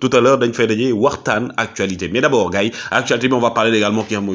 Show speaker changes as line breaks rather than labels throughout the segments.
tout à l'heure dañ fay dajee waxtan actualité mais d'abord gay gars actualité on va parler également qui a xam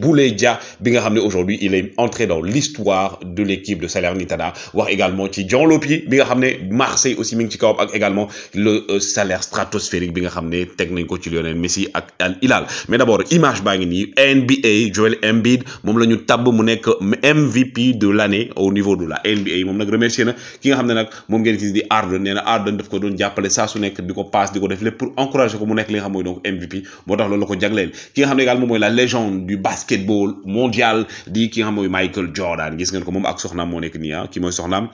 Boulaye Dia bi nga xamné aujourd'hui il est entré dans l'histoire de l'équipe de Salernitana wax également ci Jean Lopy bi nga xamné Marseille aussi ming ci ak également le euh, salaire stratosphérique bi nga xamné tek nañ ko ci Lionel Messi ak Al Hilal mais d'abord image ba ngi ni NBA Joel Embiid mom lañu tab mu nek MVP de l'année au niveau de la NBA mom nak remercier na ki nga xamné nak mom ngeen gis di Harden néna na daf ko doon jappalé sa su nek diko def lépp pour encourager ko mu nek li nga xam moy donc MVP motax lolu loolu la ko jagleel ki nga xam ne également moom mooy la légende du basketball mondial di ki nga xam mooy Michael Jordan gis ngeen ko mom ak soxnaam mo nek ni ah ki moy soxnam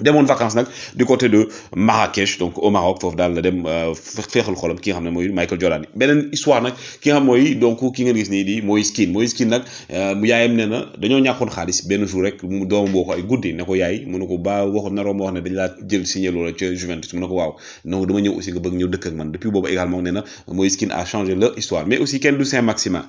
demoon vacances nak du côté de Marrakech donc au Maroc foofu dal la dem euh, feexal xolam ki nga xam ne Michael Jordan benen histoire nak ki nga moy donc ki nga gis ni di moy skin moy skin nak mu euh, yaayam neena na dañoo ñàkkoon xaalis benn jour rek mu doom boo ko ay guddi ne ko yaay mu nako ko ba waxu naroo ma wax ne dañ la jël signé loola ca Juventus mu nako waw non dama ñëw aussi nga bëgg ñëw dëkk ak man depuis bobu également neena moy skin a changé leur histoire mais aussi ken du saint Maxima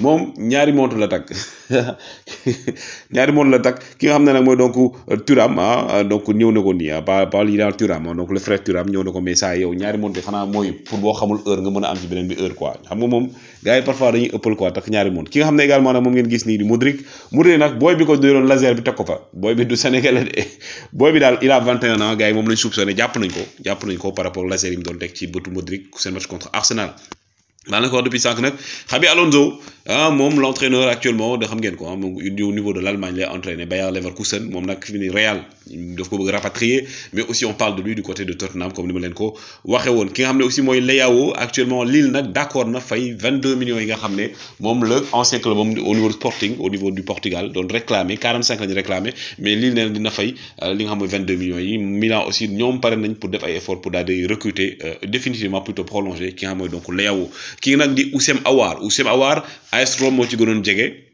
mom ñaari montre la tak ñaari montre la tak ki nga xam ne nag donc euh, Turam ah, donc ñëw na ko nii ah ba ba Lira Thuram ah donc le frère Thuram ñëw na ko mais saa yow ñaari montre xanaa mooy pour boo xamul heure nga mën a am ci beneen bi heure quoi xam nga moom gars yi parfois dañuy ëppal quoi takk ñaari montre ki nga xam ne également nag moom ngeen gis nii di Modric Modric nag booy bi ko doon laser bi teg ko fa booy bi du Sénégalais de booy bi daal il a 21 ans yi moom lañ soupçonné jàpp nañ ko jàpp nañ ko par rapport daanaka wax depuis sànq nag Xabi Alonso ah actuellement de xam ko ah au niveau de l'Allemagne il lay entraîné Bayer Leverkusen il est réel il ne Real daf ko bëgg mais aussi on parle de lui du côté de Tottenham comme ni ma dit ko y a aussi mooy actuellement Lille nag d'accord na fay 22 millions yi nga xam ancien club au niveau Sporting au niveau du Portugal doon réclamé 45 ans de réclamé mais Lille nee na fay euh, li nga 22 millions yi Milan aussi ñoom pare nañ pour def ay effort pour recruter euh, définitivement plutôt prolonger ki nga xam donc kii nag di Oussem Aouar Oussem Aouar AS Rome moo ci gënoon jege.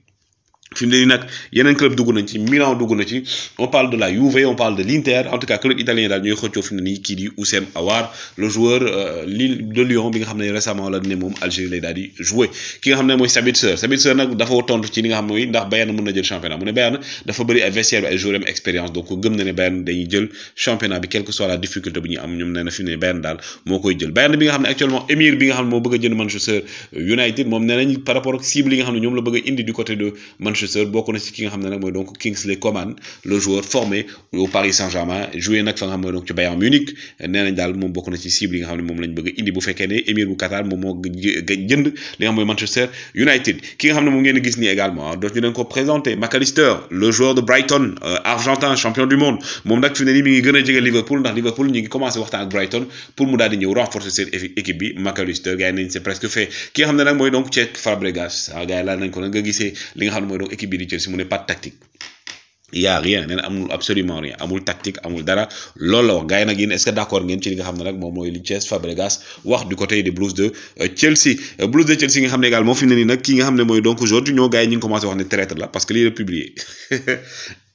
fi mu ne nii nag yeneen club dugg ci Milan dugg ci on parle de la Juve on parle de l'Inter en tout cas club italien daal ñooy xëccoo fi mu ne nii kii di Oussem Aouar le joueur euh, de Lyon bi nga xam ne récemment la ne moom Algérie lay daal di jouer ki nga xam ne mooy Sabitzer Sabitzer nag dafa tontu ci li nga xam ne ndax Bayern mën na jël championnat mu ne Bayern dafa bëri ay vestiaire bi ay joueurs expérience donc gëm na ne Bayern dañuy jël championnat bi quelle soit la difficulté bi ñuy am ñoom nee na Bayern daal moo jël Bayern bi nga xam ne actuellement Émir bi nga xam ne bëgg a Manchester United moom nee par rapport ak cible yi nga xam ne ñoom la bëgg indi du côté de Manchester Manchester bokk na ci ki nga xam nak moy donc Kingsley Coman le joueur formé au Paris Saint-Germain joué nak fa nga donc ci Bayern Munich nee dal mom moom na ci cible yi nga xam mom lañ bëgg indi bu fekkee né émir bu Qatar mom mo jënd li nga moy Manchester United ki nga xam ne ngeen gis ni également dootuñu leen ko présenter McAllister le joueur de Brighton euh, argentin champion du monde mom nak fi ne nii mi ngi gëna a Liverpool ndax Liverpool ñi ngi commencé waxtaan ak Brighton pour mu daal di ñëw renforcer seen équipe bi McAllister gars yi nañ c'est presque fait ki nga xam nak moy donc Cesc Fabregas ah, gars yi laal nañ ko nga gisee li nga xam équipe bi Chelsea mu ne pas tactique il y a rien nee amul absolument rien amul tactique amul dara loolu la wax gars est-ce que d'accord ngeen ci li nga xam nak mom moy li Fabregas wax du côté des Blues de euh, Chelsea euh, Blues de Chelsea nga xam également fi qui nak ki nga moy donc aujourd'hui ñoo gars yi commencé wax ne traître la parce que lii publié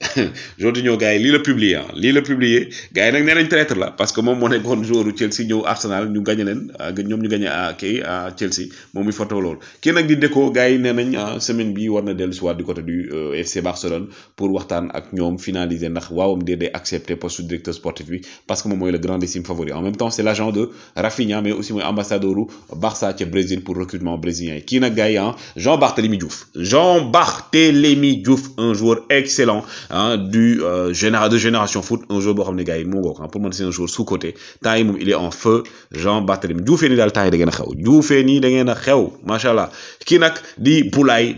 Jordi ñëw gars le la publier li lii la publier gaay nak nenañ traître la parce que mom moo nekkoon joueur Chelsea au Arsenal ñu gagné len ah, ñom ñu gagné à ah, ah, Chelsea momi photo lool ki nak di déco gaay nenañ semaine bi warna na ci si du côté du euh, FC Barcelone pour waxtaan ak ñom finaliser ndax waawam dédé accepté accepter poste directeur sportif bi parce que mom moy le grandissime favori en même temps c'est l'agent de Rafinha mais aussi moy ambassadeur Barça ca Brésil pour recrutement brésilien qui nak gaay Jean barthélemy Diouf Jean barthélemy Diouf un joueur excellent hein, du euh, général de génération foot un jour boo xam ne gars hein, pour moi c'est un jour sous côté temps yi il est en feu Jean Barthélémy Diouf nii daal temps yi da ngeen a xew Diouf nii da ngeen a xew macha allah kii di Boulaye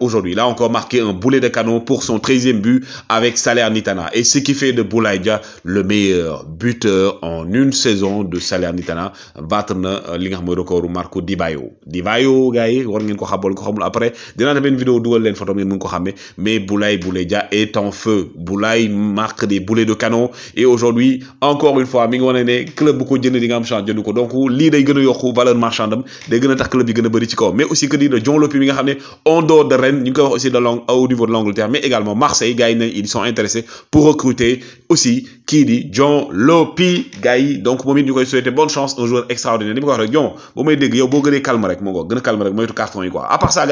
aujourd'hui il a encore marqué un boulet de canon pour son 13e but avec Salernitana et ce qui fait de Boulaye le meilleur buteur en une saison de Salernitana battre na euh, li nga xam mooy recordu Marco Dibayo Dibayo gars war ngeen ko xabol ko xamul après dina na benn vidéo dougal len photo ngeen mën ko mais Boulay Boulaye est est en feu. Boulay marque des boulets de canon et aujourd'hui encore une fois club beaucoup ko jënd donc de valeur marchande club yi mais aussi que John Lopi, de Rennes aussi long au niveau de l'Angleterre mais également Marseille ils sont intéressés pour recruter aussi qui dit John Lopi donc bonne chance un joueur extraordinaire carton quoi à part ça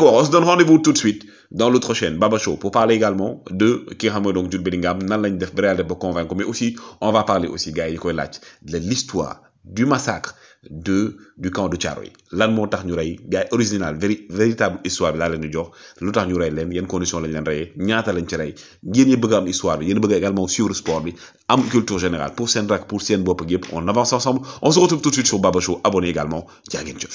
on se donne rendez-vous tout de suite dans l'autre chaîne Baba Show pour parler également de ki donc Jude Bellingham nan lañ def convaincre mais aussi on va parler aussi gars yi de l'histoire du massacre de du camp de Thiaroye lan moo tax ñu rey original véritable histoire de l'année de di jox il tax ñu rey condition lañ leen reyee ñaata lañ ci rey a ñi bëgg am histoire bi yéen bëgg également le sport bi am culture générale pour seen pour seen on avance ensemble on se retrouve tout de suite sur Baba Show abonnez également jaa